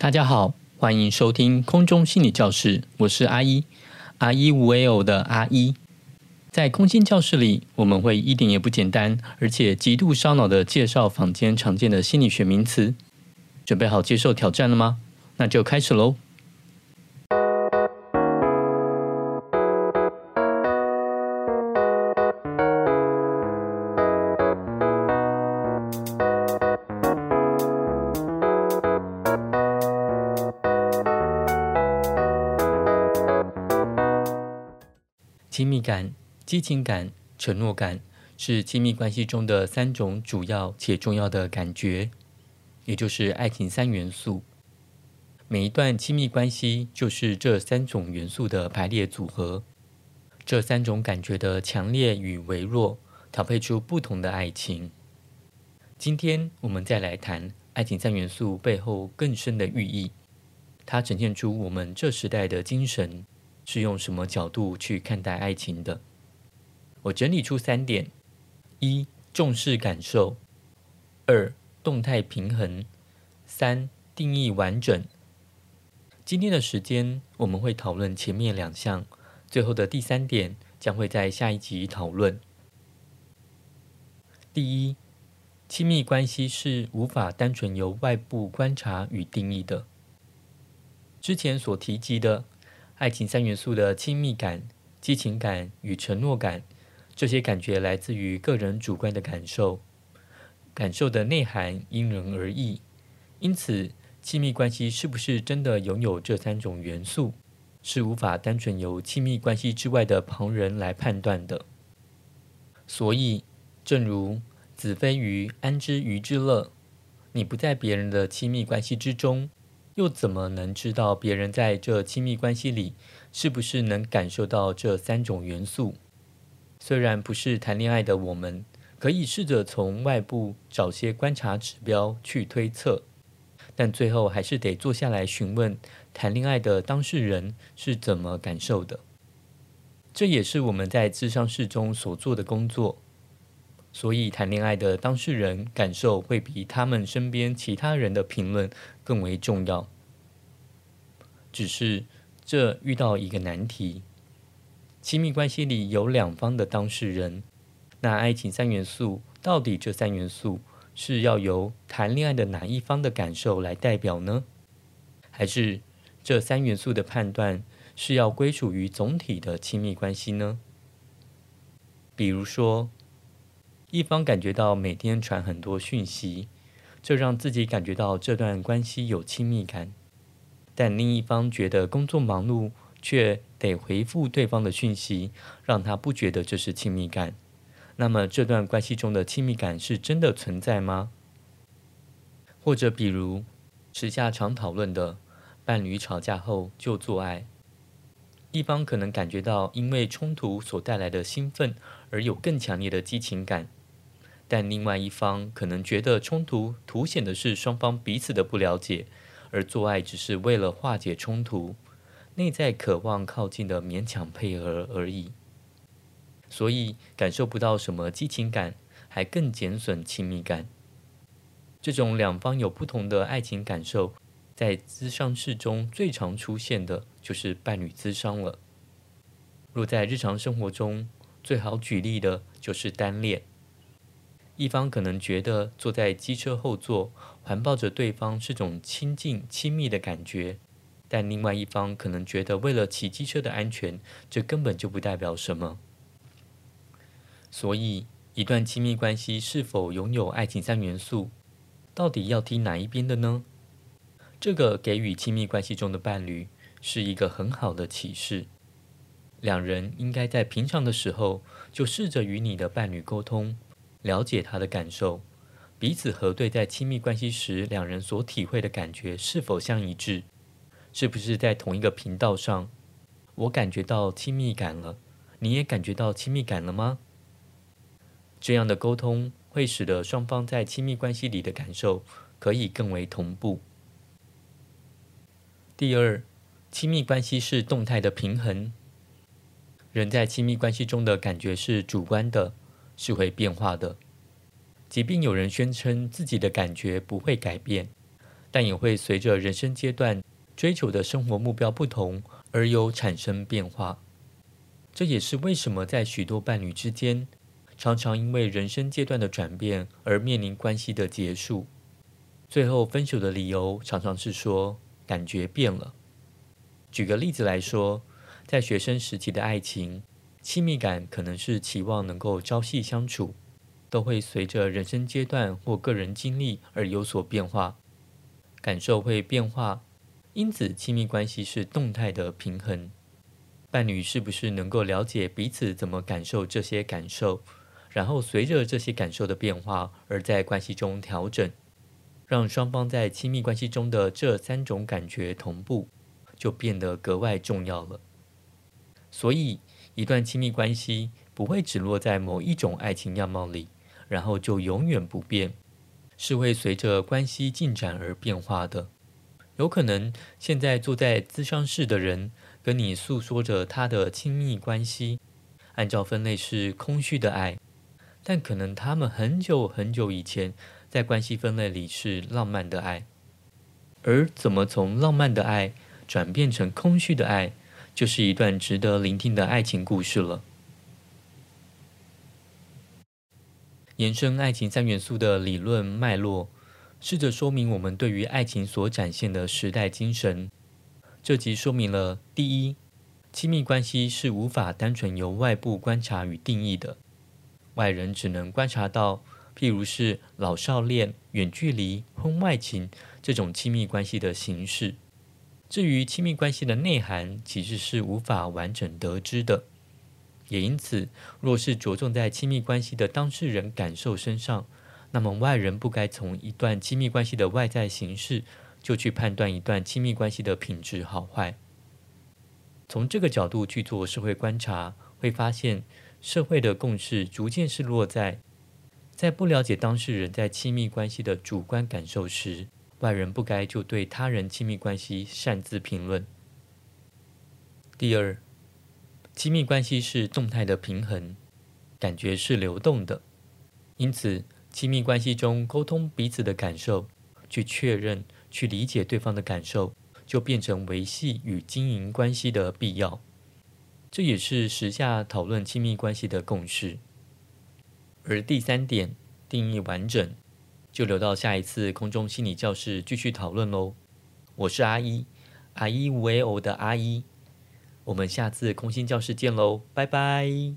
大家好，歡迎收聽空中心理教室，我是阿一，阿一無為偶的阿一。在空心教室裡，我們會一點也不簡單，而且極度燒腦的介紹坊間常見的心理學名詞。準備好接受挑戰了嗎？那就開始嘍。親密感、激情感、承諾感是親密關係中的三種主要且重要的感覺，也就是愛情三元素。每一段親密關係就是這三種元素的排列組合。這三種感覺的強烈與微弱，調配出不同的愛情。今天我們再來談愛情三元素背後更深的寓意，它呈現出我們這時代的精神。是用什麼角度去看待愛情的？我整理出三點：一、重視感受，二、動態平衡，三、定義完整。今天的時間我們會討論前面兩項，最後的第三點將會在下一集討論。第一，親密關係是無法單純由外部觀察與定義的。之前所提及的。愛情三元素的親密感、激情感與承諾感，這些感覺來自於個人主觀的感受，感受的內涵因人而異。因此，親密關係是不是真的擁有這三種元素，是無法單純由親密關係之外的旁人來判斷的。所以，正如子非魚，安知魚之樂？你不在別人的親密關係之中又怎麼能知道別人在這親密關係裡是不是能感受到這三種元素？雖然不是談戀愛的我們，可以試着從外部找些觀察指標去推測，但最後還是得坐下來詢問談戀愛的當事人是怎麼感受的。這也是我們在諮商室中所做的工作。所以，談戀愛的當事人感受會比他們身邊其他人的評論更為重要。只是這遇到一個難題：親密關係裡有兩方的當事人，那愛情三元素到底這三元素是要由談戀愛的哪一方的感受來代表呢？還是這三元素的判斷是要歸屬於總體的親密關係呢？比如說。一方感覺到每天傳很多訊息，這讓自己感覺到這段關係有親密感，但另一方覺得工作忙碌，卻得回復對方的訊息，讓他不覺得這是親密感。那麼，這段關係中的親密感是真的存在嗎？或者，比如時下常討論的伴侶吵架後就做愛，一方可能感覺到因為衝突所帶來的興奮，而有更強烈的激情感。但另外一方可能覺得衝突凸顯的是雙方彼此的不了解，而做愛只是為了化解衝突，內在渴望靠近的勉強配合而已，所以感受不到什麼激情感，還更減損親密感。這種兩方有不同的愛情感受，在諮商室中最常出現的就是伴侶諮商了。若在日常生活中，最好舉例的就是單戀。一方可能覺得坐在機車後座，環抱着對方是種親近親密的感覺，但另外一方可能覺得為了騎機車的安全，這根本就不代表什麼。所以，一段親密關係是否擁有愛情三元素，到底要聽哪一邊的呢？這個給予親密關係中的伴侶是一個很好的啟示。兩人應該在平常的時候就試着與你的伴侶溝通。了解他的感受，彼此核對在親密關係時兩人所體會的感覺是否相一致，是不是在同一個頻道上？我感覺到親密感了，你也感覺到親密感了嗎？這樣的溝通會使得雙方在親密關係裡的感受可以更為同步。第二，親密關係是動態的平衡，人在親密關係中的感覺是主觀的。是會變化的，即便有人宣稱自己的感覺不會改變，但也會隨着人生階段追求的生活目標不同而有產生變化。這也是為什麼在許多伴侶之間，常常因為人生階段的轉變而面臨關係的結束。最後分手的理由常常是說感覺變了。舉個例子來說，在學生時期的愛情。親密感可能是期望能夠朝夕相處，都會隨着人生階段或個人經歷而有所變化，感受會變化，因此親密關係是動態的平衡。伴侶是不是能夠了解彼此怎麼感受這些感受，然後隨着這些感受的變化，而在關係中調整，讓雙方在親密關係中的這三種感覺同步，就變得格外重要了。所以，一段親密關係不會只落在某一種愛情樣貌裡，然後就永遠不變，是會隨着關係進展而變化的。有可能現在坐在諮商室的人跟你訴說着他的親密關係，按照分類是空虛的愛，但可能他們很久很久以前在關係分類裡是浪漫的愛，而怎麼從浪漫的愛轉變成空虛的愛？就是一段值得聆聽的愛情故事了。延伸愛情三元素的理論脈絡，試着說明我們對於愛情所展現的時代精神。這集說明了第一，親密關係是無法單純由外部觀察與定義的，外人只能觀察到，譬如是老少戀、遠距離、婚外情這種親密關係的形式。至於親密關係的內涵，其實是無法完整得知的。也因此，若是着重在親密關係的當事人感受身上，那麼外人不該從一段親密關係的外在形式就去判斷一段親密關係的品質好壞。從這個角度去做社會觀察，會發現社會的共識逐漸是落在，在不了解當事人在親密關係的主觀感受時。外人不該就對他人親密關係擅自評論。第二，親密關係是動態的平衡，感覺是流動的。因此，親密關係中溝通彼此的感受，去確認、去理解對方的感受，就變成維繫與經營關係的必要。這也是時下討論親密關係的共識。而第三點，定義完整。就留到下一次空中心理教室繼續討論嘍。我是阿一，阿一維偶的阿一，我們下次空心教室見嘍，拜拜。